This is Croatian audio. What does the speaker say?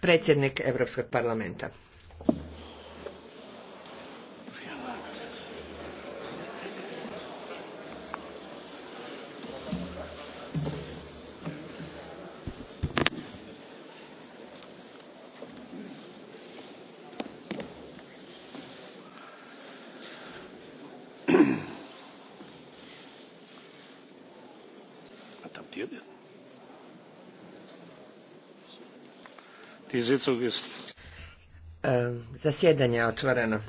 Predsjednik Europskog parlamenta. zasjedanje je otvoreno.